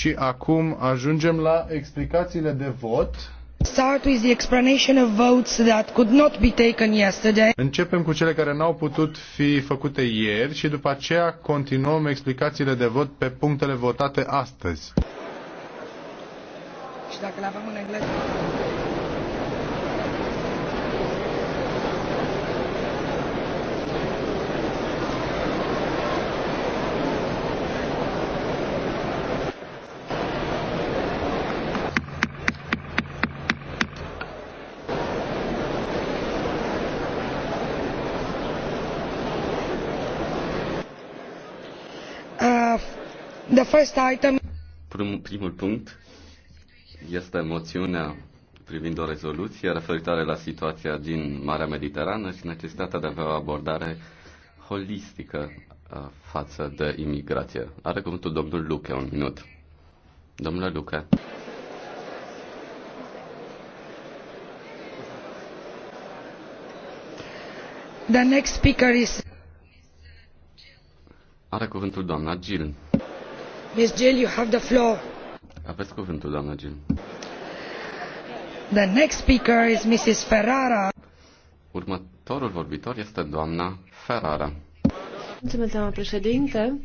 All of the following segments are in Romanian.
Și acum ajungem la explicațiile de vot. Start with the explanation of votes that could not be taken yesterday. Începem cu cele care n-au putut fi făcute ieri și după aceea continuăm explicațiile de vot pe punctele votate astăzi. Și dacă le avem în engleză... first item... primul punct este moțiunea privind o rezoluție referitoare la situația din Marea Mediterană și necesitatea de a avea o abordare holistică uh, față de imigrație. Are cuvântul domnul Luca, un minut. Domnule Luca. The next speaker is... Are cuvântul doamna Gil. Ms. Jill, you have the floor. Aveți cuvântul, doamna Jill. The next speaker is Mrs. Ferrara. Următorul vorbitor este doamna Ferrara. Mulțumesc, doamna președinte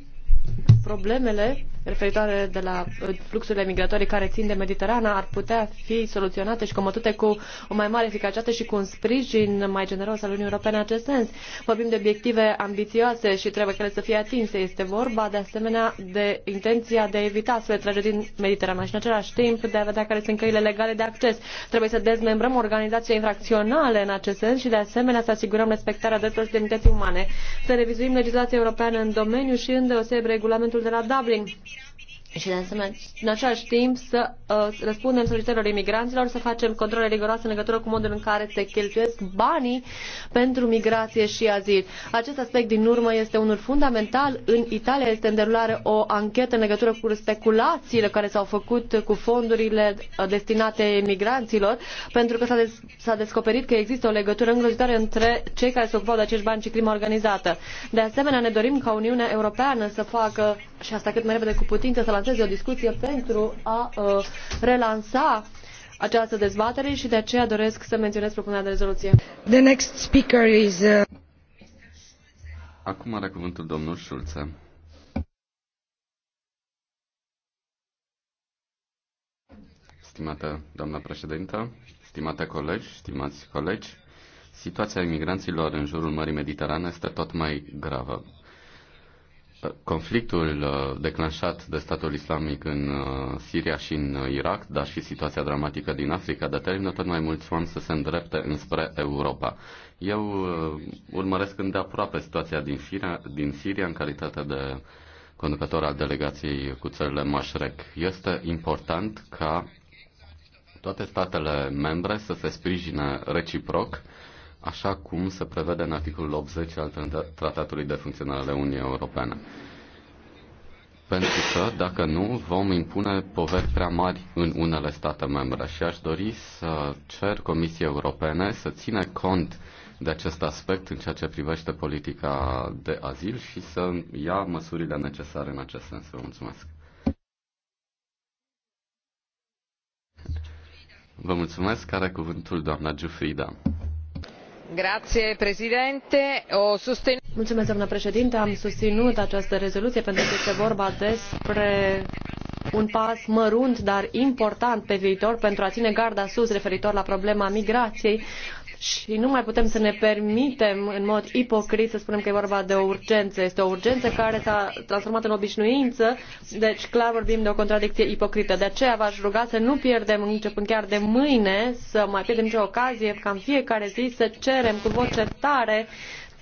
problemele referitoare de la uh, fluxurile migratorii care țin de Mediterana ar putea fi soluționate și combătute cu o mai mare eficacitate și cu un sprijin mai generos al Uniunii Europene în acest sens. Vorbim de obiective ambițioase și trebuie că ele să fie atinse. Este vorba de asemenea de intenția de a evita astfel tragedii din Mediterana și în același timp de a vedea care sunt căile legale de acces. Trebuie să dezmembrăm organizații infracționale în acest sens și de asemenea să asigurăm respectarea drepturilor și demnității umane. Să revizuim legislația europeană în domeniu și îndeosebi regulamentul parlamentul de la Dublin și de asemenea, în același timp să uh, răspundem solicitărilor imigranților, să facem controle riguroase în legătură cu modul în care se cheltuiesc banii pentru migrație și azil. Acest aspect din urmă este unul fundamental. În Italia este în derulare o anchetă în legătură cu speculațiile care s-au făcut cu fondurile uh, destinate imigranților, pentru că s-a, des- descoperit că există o legătură îngrozitoare între cei care se ocupau de acești bani și crima organizată. De asemenea, ne dorim ca Uniunea Europeană să facă și asta cât mai repede cu putință, să lanseze o discuție pentru a uh, relansa această dezbatere și de aceea doresc să menționez propunerea de rezoluție. The next speaker is, uh... Acum are cuvântul domnul Șulță. Stimată doamna președintă, stimate colegi, stimați colegi, situația imigranților în jurul Mării Mediterane este tot mai gravă conflictul uh, declanșat de statul islamic în uh, Siria și în uh, Irak, dar și situația dramatică din Africa, determină tot mai mulți oameni să se îndrepte înspre Europa. Eu urmăresc îndeaproape situația din, Firea, din Siria în calitate de conducător al delegației cu țările Mașrec. Este important ca toate statele membre să se sprijine reciproc așa cum se prevede în articolul 80 al Tratatului de Funcționare ale Uniunii Europene. Pentru că, dacă nu, vom impune poveri prea mari în unele state membre și aș dori să cer Comisiei Europene să ține cont de acest aspect în ceea ce privește politica de azil și să ia măsurile necesare în acest sens. Vă mulțumesc. Vă mulțumesc. Care cuvântul doamna Giufrida? doamnă președinte am susținut această rezoluție pentru că este vorba despre un pas mărunt dar important pe viitor pentru a ține garda sus referitor la problema migrației și a și nu mai putem să ne permitem în mod ipocrit să spunem că e vorba de o urgență. Este o urgență care s-a transformat în obișnuință, deci clar vorbim de o contradicție ipocrită. De aceea v-aș ruga să nu pierdem începând chiar de mâine, să mai pierdem nicio ocazie ca în fiecare zi să cerem cu voce tare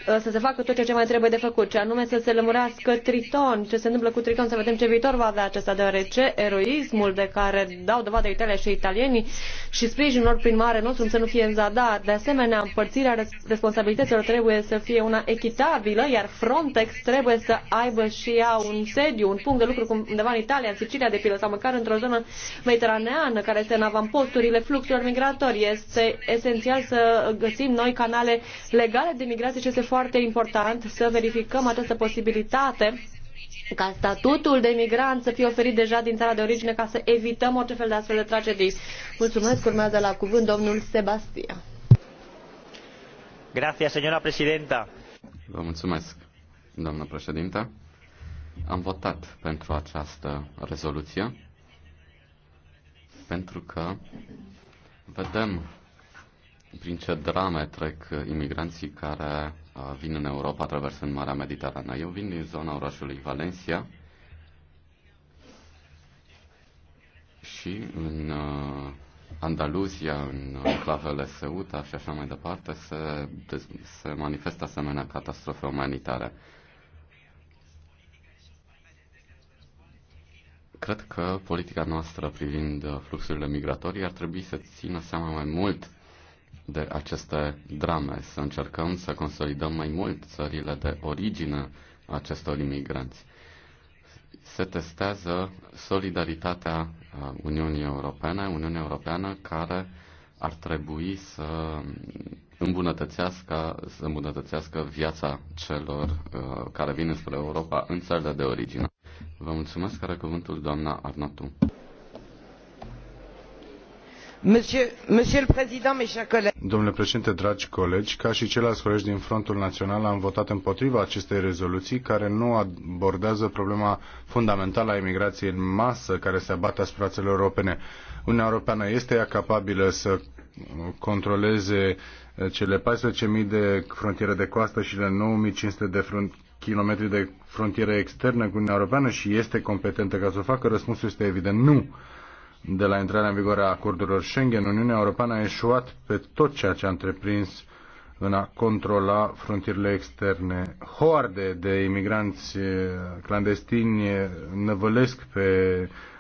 Uh, să se facă tot ceea ce mai trebuie de făcut, ce anume să se lămurească Triton, ce se întâmplă cu Triton, să vedem ce viitor va avea acesta, deoarece eroismul de care dau dovadă Italia și italienii și sprijinul lor prin mare nostru să nu fie în zadar. De asemenea, împărțirea responsabilităților trebuie să fie una echitabilă, iar Frontex trebuie să aibă și ea un sediu, un punct de lucru undeva în Italia, în Sicilia de pilă, sau măcar într-o zonă mediteraneană care este în avamposturile fluxurilor migratorii. Este esențial să găsim noi canale legale de migrație ce se foarte important să verificăm această posibilitate ca statutul de migrant să fie oferit deja din țara de origine ca să evităm orice fel de astfel de tragedii. Mulțumesc, urmează la cuvânt domnul Sebastia. Gracias, señora presidenta. Vă mulțumesc, doamnă președintă. Am votat pentru această rezoluție pentru că vedem prin ce drame trec imigranții care uh, vin în Europa traversând Marea Mediterană. Eu vin din zona orașului Valencia și în uh, Andaluzia, în clavele Ceuta și așa mai departe, se, se manifestă asemenea catastrofe umanitare. Cred că politica noastră privind uh, fluxurile migratorii ar trebui să țină seama mai mult de aceste drame, să încercăm să consolidăm mai mult țările de origine acestor imigranți. Se testează solidaritatea uh, Uniunii Europene, Uniunea Europeană care ar trebui să îmbunătățească, să îmbunătățească viața celor uh, care vin spre Europa în țările de origine. Vă mulțumesc, care cuvântul doamna Arnatu. Domnule președinte, dragi colegi, ca și ceilalți colegi din Frontul Național, am votat împotriva acestei rezoluții care nu abordează problema fundamentală a imigrației în masă care se abate asupra țărilor europene. Uniunea Europeană este ea capabilă să controleze cele mii de frontiere de coastă și cele 9.500 de front kilometri de frontieră externă cu Uniunea Europeană și este competentă ca să o facă? Răspunsul este evident nu de la intrarea în vigoare a acordurilor Schengen, Uniunea Europeană a eșuat pe tot ceea ce a întreprins în a controla frontierele externe. Hoarde de imigranți eh, clandestini eh, năvălesc pe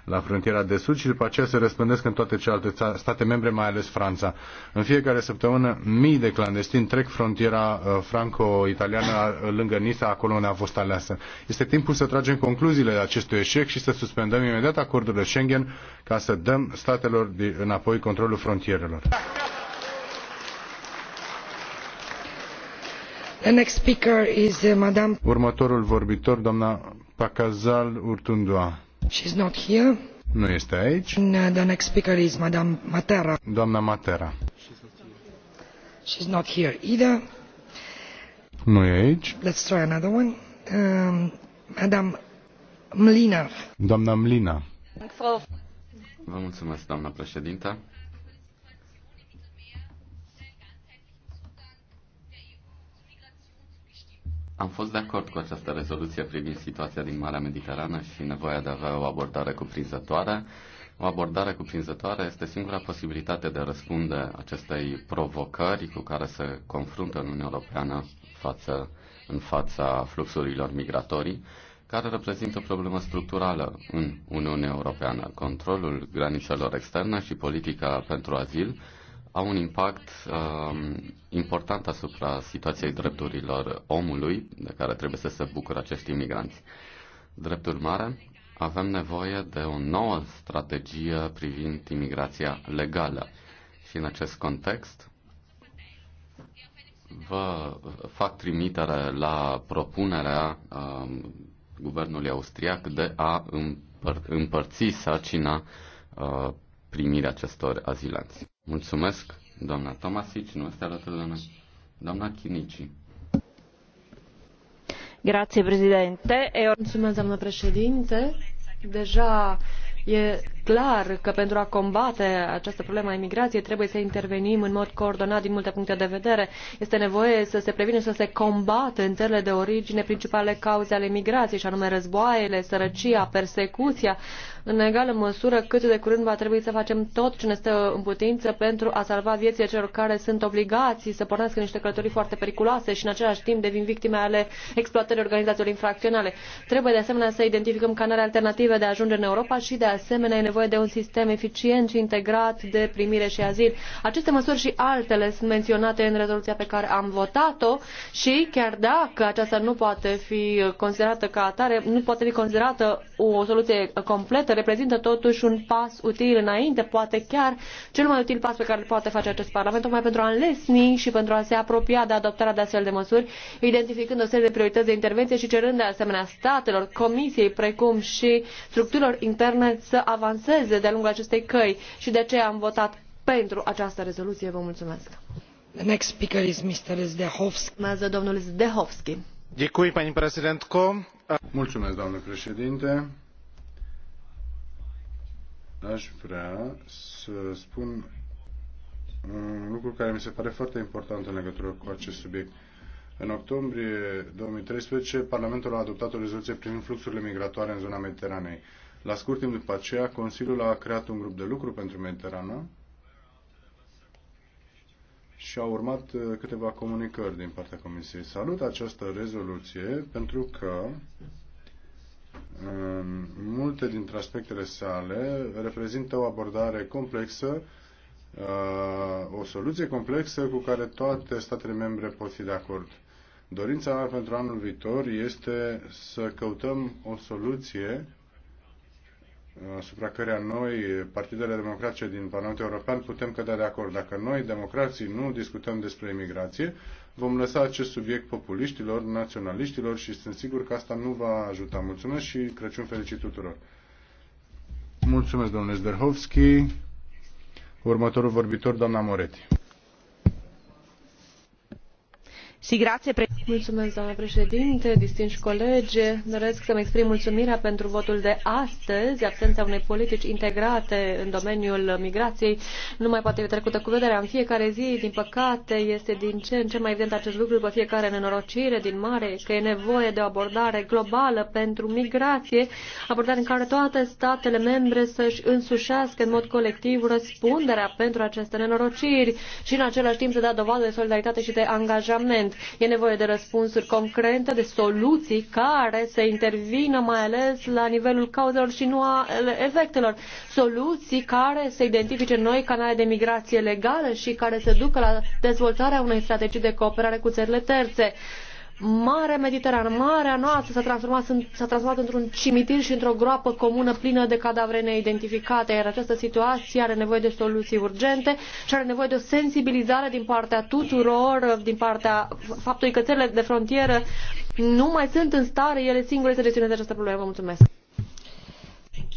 la frontiera de sud și după aceea se răspândesc în toate celelalte state membre, mai ales Franța. În fiecare săptămână mii de clandestini trec frontiera eh, franco-italiană lângă Nisa, acolo unde a fost aleasă. Este timpul să tragem concluziile acestui eșec și să suspendăm imediat acordurile Schengen ca să dăm statelor înapoi controlul frontierelor. Uh, Următorul vorbitor, doamna Pakazal Urtundua. She's not here. Nu este aici. Uh, doamna Matera. She's not here either. Nu e aici. Let's try another one. Um, Madame Doamna Mlina. Vă mulțumesc, doamna președintă. Am fost de acord cu această rezoluție privind situația din Marea Mediterană și nevoia de a avea o abordare cuprinzătoare. O abordare cuprinzătoare este singura posibilitate de a răspunde acestei provocări cu care se confruntă Uniunea Europeană față, în fața fluxurilor migratorii, care reprezintă o problemă structurală în Uniunea Europeană. Controlul granițelor externe și politica pentru azil au un impact uh, important asupra situației drepturilor omului de care trebuie să se bucure acești imigranți. Drept urmare, avem nevoie de o nouă strategie privind imigrația legală. Și în acest context, vă fac trimitere la propunerea uh, guvernului austriac de a împăr- împărți sarcina uh, primirea acestor azilanți. Mulțumesc, doamna Tomasic, nu este alături de noi. Doamna Chinici. Grazie, președinte. Mulțumesc, doamna președinte. Deja e clar că pentru a combate această problemă a imigrației trebuie să intervenim în mod coordonat din multe puncte de vedere. Este nevoie să se prevină și să se combată în țările de origine principale cauze ale imigrației, și anume războaiele, sărăcia, persecuția, în egală măsură cât de curând va trebui să facem tot ce ne stă în putință pentru a salva viețile celor care sunt obligați să pornească niște călătorii foarte periculoase și în același timp devin victime ale exploatării organizațiilor infracționale. Trebuie de asemenea să identificăm canale alternative de a ajunge în Europa și de asemenea nevoie de un sistem eficient și integrat de primire și azil. Aceste măsuri și altele sunt menționate în rezoluția pe care am votat-o și chiar dacă aceasta nu poate fi considerată ca atare, nu poate fi considerată o soluție completă, reprezintă totuși un pas util înainte, poate chiar cel mai util pas pe care îl poate face acest Parlament, tocmai pentru a înlesni și pentru a se apropia de adoptarea de astfel de măsuri, identificând o serie de priorități de intervenție și cerând de asemenea statelor, comisiei, precum și structurilor interne să avanseze avanseze de-a lungul acestei căi și de aceea am votat pentru această rezoluție. Vă mulțumesc. The next speaker is Mr. Zdehovski. Urmează domnul Zdehovski. Děkuji, paní prezidentko. Mulțumesc, doamnă președinte. Aș vrea să spun un lucru care mi se pare foarte important în legătură cu acest subiect. În octombrie 2013, Parlamentul a adoptat o rezoluție privind fluxurile migratoare în zona Mediteranei. La scurt timp după aceea, Consiliul a creat un grup de lucru pentru Mediterana și au urmat uh, câteva comunicări din partea Comisiei. Salut această rezoluție pentru că multe dintre aspectele sale reprezintă o abordare complexă, uh, o soluție complexă cu care toate statele membre pot fi de acord. Dorința mea pentru anul viitor este să căutăm o soluție asupra căreia noi, partidele democratice din Parlamentul European, putem cădea de acord. Dacă noi, democrații, nu discutăm despre imigrație, vom lăsa acest subiect populiștilor, naționaliștilor și sunt sigur că asta nu va ajuta. Mulțumesc și Crăciun fericit tuturor! Mulțumesc, domnule Zderhovski. Următorul vorbitor, doamna Moretti. Mulțumesc, doamnă președinte, distinși colegi. Doresc să-mi exprim mulțumirea pentru votul de astăzi. Absența unei politici integrate în domeniul migrației nu mai poate fi trecută cu vederea. În fiecare zi, din păcate, este din ce în ce mai evident acest lucru după fiecare nenorocire din mare, că e nevoie de o abordare globală pentru migrație, abordare în care toate statele membre să-și însușească în mod colectiv răspunderea pentru aceste nenorociri și în același timp să dea dovadă de solidaritate și de angajament. E nevoie de răspunsuri concrete, de soluții care să intervină mai ales la nivelul cauzelor și nu a efectelor. Soluții care să identifice noi canale de migrație legală și care să ducă la dezvoltarea unei strategii de cooperare cu țările terțe. Marea Mediterană, Marea noastră s-a transformat, s-a transformat într-un cimitir și într-o groapă comună plină de cadavre neidentificate, iar această situație are nevoie de soluții urgente și are nevoie de o sensibilizare din partea tuturor, din partea faptului că țările de frontieră nu mai sunt în stare ele singure să gestioneze această problemă. Vă mulțumesc!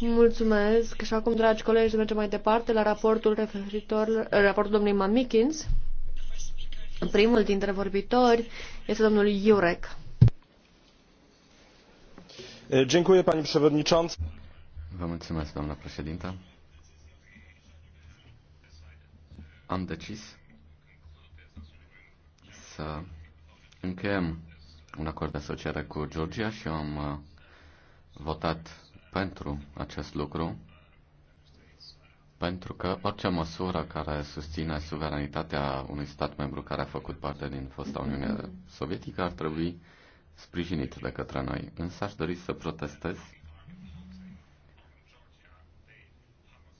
Mulțumesc și acum, dragi colegi, să mergem mai departe la raportul referitor, raportul domnului Mamikins. Primul dintre vorbitori este domnul Iurec. Dziękuję, panie przewodniczący. Vă mulțumesc, doamna președintă. Am decis să încheiem un acord de asociere cu Georgia și am uh, votat pentru acest lucru pentru că orice măsură care susține suveranitatea unui stat membru care a făcut parte din fosta Uniune Sovietică ar trebui sprijinit de către noi. Însă aș dori să protestez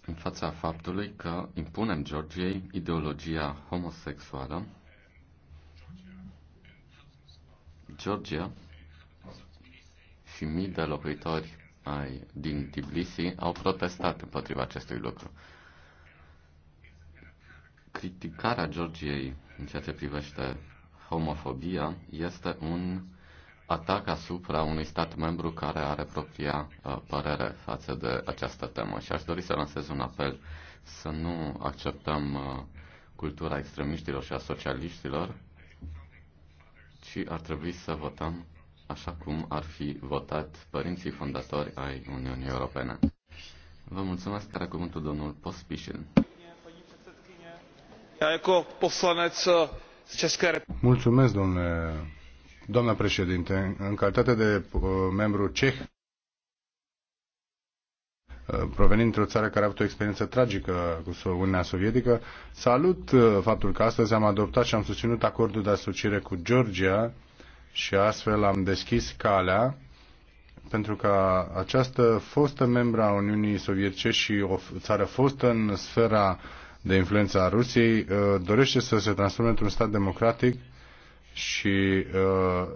în fața faptului că impunem Georgiei ideologia homosexuală. Georgia și mii de locuitori ai, din Tbilisi au protestat împotriva acestui lucru. Criticarea Georgiei în ceea ce privește homofobia este un atac asupra unui stat membru care are propria uh, părere față de această temă. Și aș dori să lansez un apel să nu acceptăm uh, cultura extremiștilor și a socialiștilor, ci ar trebui să votăm așa cum ar fi votat părinții fondatori ai Uniunii Europene. Vă mulțumesc, care cuvântul domnul Pospișin. Eh, mulțumesc, domnule, doamna președinte. În calitate de uh, membru ceh, eh, provenind dintr-o țară care a avut o experiență tragică cu Uniunea Sovietică. Salut faptul că astăzi am adoptat și am susținut acordul de asociere cu Georgia, și astfel am deschis calea pentru că această fostă membra a Uniunii Sovietice și o țară fostă în sfera de influență a Rusiei uh, dorește să se transforme într-un stat democratic și uh,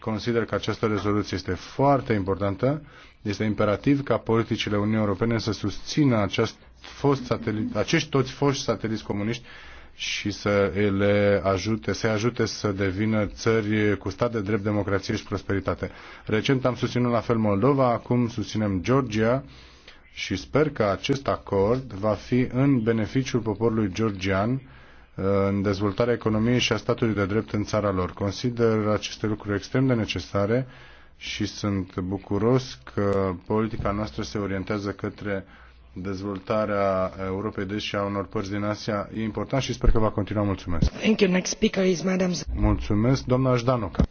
consider că această rezoluție este foarte importantă. Este imperativ ca politicile Uniunii Europene să susțină acest fost satelit, acești toți foști sateliți comuniști și să le ajute, să ajute să devină țări cu stat de drept, democrație și prosperitate. Recent am susținut la fel Moldova, acum susținem Georgia și sper că acest acord va fi în beneficiul poporului georgian uh, în dezvoltarea economiei și a statului de drept în țara lor. Consider aceste lucruri extrem de necesare și sunt bucuros că politica noastră se orientează către dezvoltarea Europei de și a unor părți din Asia e important și sper că va continua. Mulțumesc. Thank you. Next speaker is Madam. Mulțumesc, doamna Ždanoca.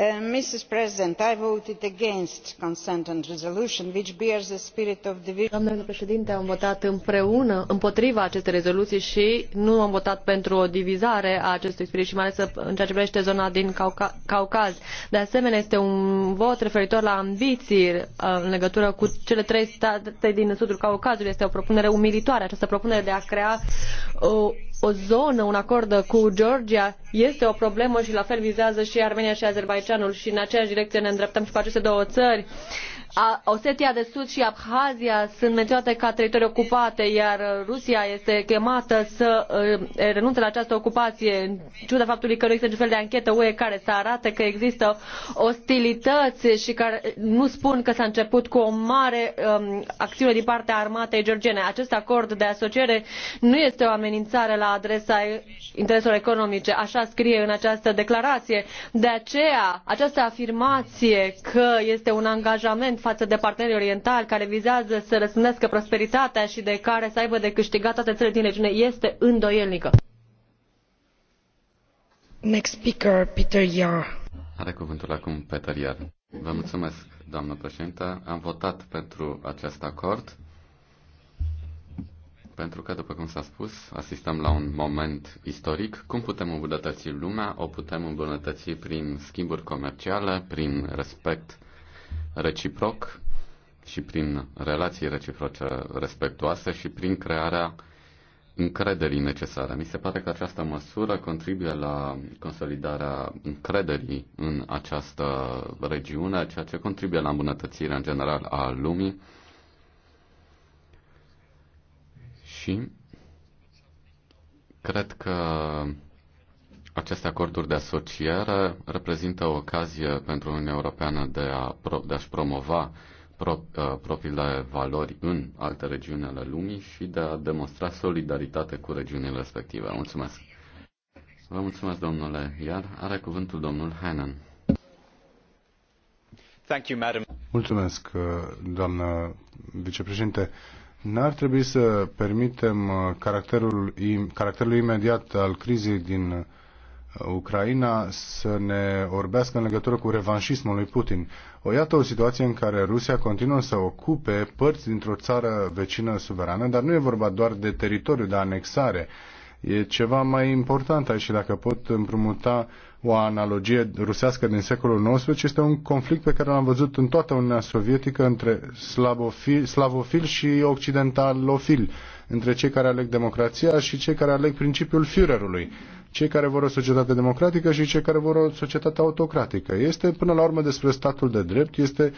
Uh, Mrs. President, I voted against consent and resolution, which bears the spirit of division. Doamnă președinte, am votat împreună împotriva acestei rezoluții și nu am votat pentru o divizare a acestui spirit și mai ales în ceea ce privește zona din Caucaz. De asemenea, este un vot referitor la ambiții uh, în legătură cu cele trei state din sudul Caucazului. Este o propunere umilitoare, această propunere de a crea o o zonă, un acord cu Georgia este o problemă și la fel vizează și Armenia și Azerbaijanul și în aceeași direcție ne îndreptăm și cu aceste două țări. Osetia de Sud și Abhazia sunt menționate ca teritorii ocupate, iar Rusia este chemată să renunțe la această ocupație, în ciuda faptului că nu există niciun fel de anchetă UE care să arate că există ostilități și care nu spun că s-a început cu o mare um, acțiune din partea armatei georgiene. Acest acord de asociere nu este o amenințare la adresa intereselor economice, așa scrie în această declarație. De aceea, această afirmație că este un angajament față de partenerii orientali care vizează să răsânească prosperitatea și de care să aibă de câștigat toate țările din regiune este îndoielnică. Next speaker, Peter Yar. Are cuvântul acum Peter Yar. Vă mulțumesc, doamnă președintă. Am votat pentru acest acord pentru că, după cum s-a spus, asistăm la un moment istoric. Cum putem îmbunătăți lumea? O putem îmbunătăți prin schimburi comerciale, prin respect reciproc și prin relații reciproce respectuoase și prin crearea încrederii necesare. Mi se pare că această măsură contribuie la consolidarea încrederii în această regiune, ceea ce contribuie la îmbunătățirea în general a lumii și cred că aceste acorduri de asociere reprezintă o ocazie pentru Uniunea Europeană de, a, de a-și promova pro, uh, propriile valori în alte regiuni ale lumii și de a demonstra solidaritate cu regiunile respective. Mulțumesc! Vă mulțumesc, domnule Iar. Are cuvântul domnul Hainan. Thank you, madam. Mulțumesc, uh, doamnă vicepreședinte. N-ar trebui să permitem uh, caracterul, caracterul imediat al crizei din Ucraina să ne orbească în legătură cu revanșismul lui Putin. O iată o situație în care Rusia continuă să ocupe părți dintr-o țară vecină suverană, dar nu e vorba doar de teritoriu, de anexare. E ceva mai important aici și dacă pot împrumuta o analogie rusească din secolul XIX, este un conflict pe care l-am văzut în toată Uniunea Sovietică între slavofil, slavofil și occidentalofil între cei care aleg democrația și cei care aleg principiul Führerului, cei care vor o societate democratică și cei care vor o societate autocratică. Este până la urmă despre statul de drept, este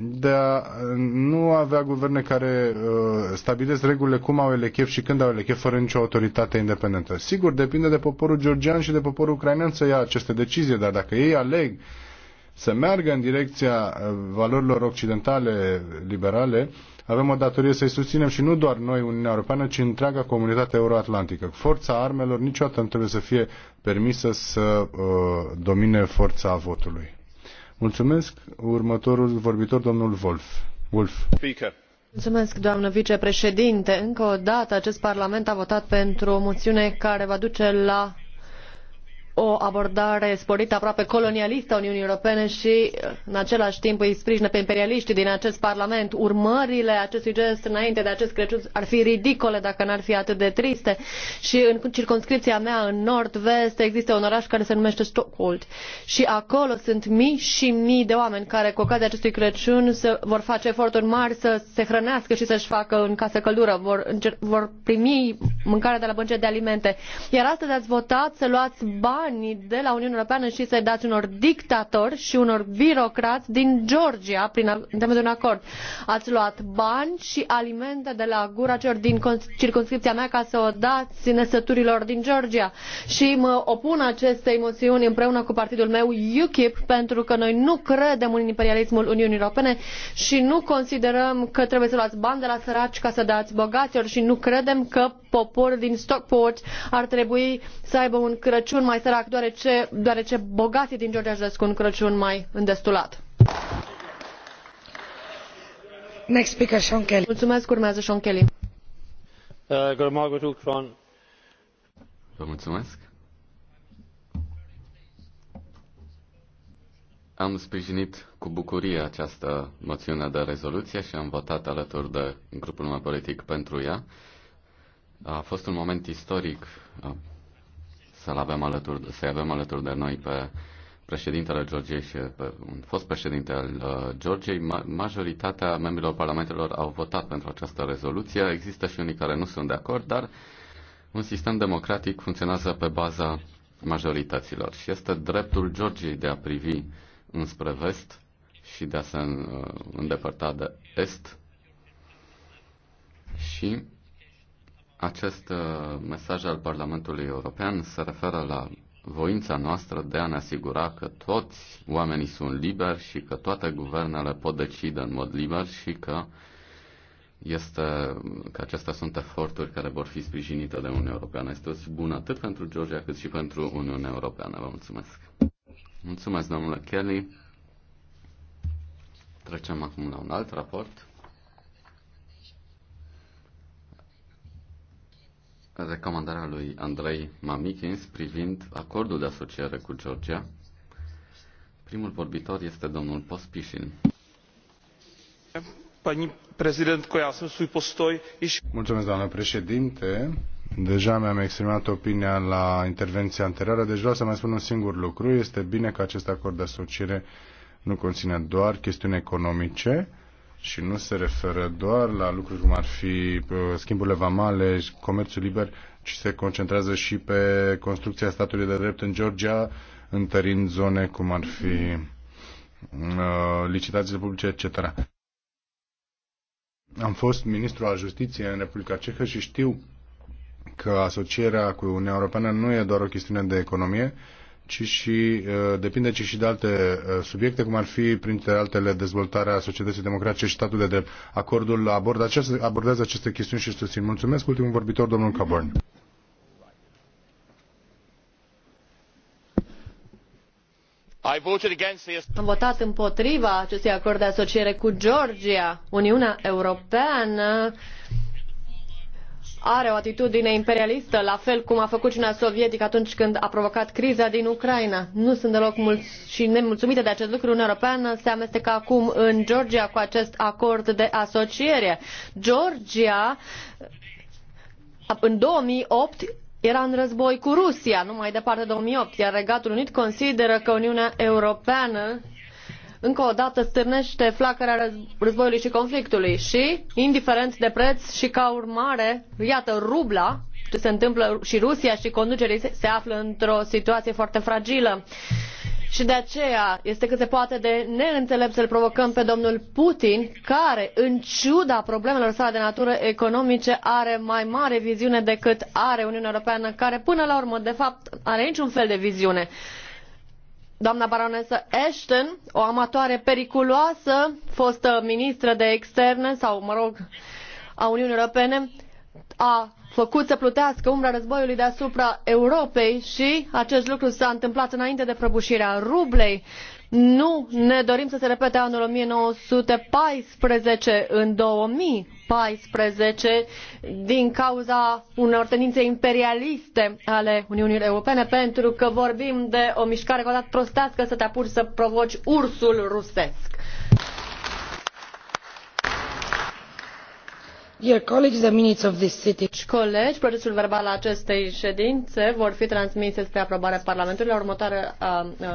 de a nu avea guverne care uh, stabilesc regulile cum au ele chef și când au ele chef fără nicio autoritate independentă. Sigur, depinde de poporul georgian și de poporul ucrainean să ia aceste decizii, dar dacă ei aleg să meargă în direcția uh, valorilor occidentale liberale, uh, avem o datorie să-i susținem și nu doar noi, Uniunea Europeană, ci întreaga comunitate euroatlantică. Forța armelor niciodată nu trebuie să fie permisă să uh, domine forța votului. Mulțumesc. Următorul vorbitor, domnul Wolf. Wolf. Speaker. Mulțumesc, doamnă vicepreședinte. Încă o dată acest Parlament a votat pentru o moțiune care va duce la o abordare sporită aproape colonialistă a uniunii europene și în același timp îi sprijină pe imperialiștii din acest parlament. urmările acestui gest înainte de acest crăciun ar fi ridicole dacă n ar fi atât de triste și în circumscripția mea în nord vest există un oraș care se numește stockholm și acolo sunt mii și mii de oameni care cu ocazia acestui crăciun se vor face eforturi mari să se hrănească și să și facă în casă căldură vor, vor primi mâncare de la băncile de alimente. iar astăzi ați votat să luați bani banii de la Uniunea Europeană și să-i dați unor dictatori și unor birocrați din Georgia prin intermediul unui acord. Ați luat bani și alimente de la gura celor din circunscripția mea ca să o dați nesăturilor din Georgia. Și mă opun acestei moțiuni împreună cu partidul meu UKIP pentru că noi nu credem în imperialismul Uniunii Europene și nu considerăm că trebuie să luați bani de la săraci ca să dați bogaților și nu credem că poporul din Stockport ar trebui să aibă un Crăciun mai sărac Chirac, deoarece, deoarece bogații din Georgia își răsc un Crăciun mai îndestulat. Next speaker, Sean Kelly. Mulțumesc, urmează Sean Kelly. Eh, Vă mulțumesc. Am sprijinit cu bucurie această moțiune de rezoluție și am votat alături de grupul meu politic pentru ea. A fost un moment istoric să-l avem alături, să avem alături de noi pe președintele Georgiei și pe un fost președinte al uh, Georgiei, ma- majoritatea membrilor parlamentelor au votat pentru această rezoluție. Există și unii care nu sunt de acord, dar un sistem democratic funcționează pe baza majorităților și este dreptul Georgiei de a privi înspre vest și de a se uh, îndepărta de est și acest uh, mesaj al Parlamentului European se referă la voința noastră de a ne asigura că toți oamenii sunt liberi și că toate guvernele pot decide în mod liber și că este, că acestea sunt eforturi care vor fi sprijinite de Uniunea Europeană. Este o zi bună atât pentru Georgia cât și pentru Uniunea Europeană. Vă mulțumesc. Mulțumesc, domnule Kelly. Trecem acum la un alt raport. recomandarea lui Andrei Mamikins privind acordul de asociere cu Georgia. Primul vorbitor este domnul Pospișin. Pani prezidentko, já jsem svůj postoj Mulțumesc, doamnă președinte. Deja mi-am exprimat opinia la intervenția anterioară, deci vreau să mai spun un singur lucru. Este bine că acest acord de asociere nu conține doar chestiuni economice, și nu se referă doar la lucruri cum ar fi uh, schimburile vamale, comerțul liber, ci se concentrează și pe construcția statului de drept în Georgia, întărind zone cum ar fi uh, licitațiile publice, etc. Am fost ministru al justiției în Republica Cehă și știu că asocierea cu Uniunea Europeană nu e doar o chestiune de economie, ci și uh, depinde ci și de alte uh, subiecte, cum ar fi, printre altele, dezvoltarea societății democratice și statul de drept. Acordul abord, acest, abordează aceste chestiuni și susțin. Mulțumesc. Ultimul vorbitor, domnul Caborn. am votat împotriva acestui acord de asociere cu georgia. uniunea europeană are o atitudine imperialistă, la fel cum a făcut și Uniunea Sovietică atunci când a provocat criza din Ucraina. Nu sunt deloc mulți și nemulțumită de acest lucru. Uniunea Europeană se amestecă acum în Georgia cu acest acord de asociere. Georgia în 2008 era în război cu Rusia, nu mai departe de 2008, iar Regatul Unit consideră că Uniunea Europeană încă o dată stârnește flacăra războiului și conflictului și, indiferent de preț și ca urmare, iată, rubla, ce se întâmplă și Rusia și conducerii se află într-o situație foarte fragilă. Și de aceea este cât se poate de neînțelept să-l provocăm pe domnul Putin, care, în ciuda problemelor sale de natură economice, are mai mare viziune decât are Uniunea Europeană, care până la urmă, de fapt, are niciun fel de viziune doamna baronesă ashton o amatoare periculoasă fostă ministră de externe sau mă rog a uniunii europene a făcut să plutească umbra războiului deasupra europei și acest lucru s a întâmplat înainte de prăbușirea rublei nu ne dorim să se repete anul o mie nouă sute paisprezece în două mii paisprezece din cauza unor tendințe imperialiste ale uniunii europene pentru că vorbim de o mișcare cu prostească să te apuci să provoci ursul rusesc. colegi procesul verbal al acestei ședințe vor fi transmise spre aprobarea parlamentului la următoarea uh,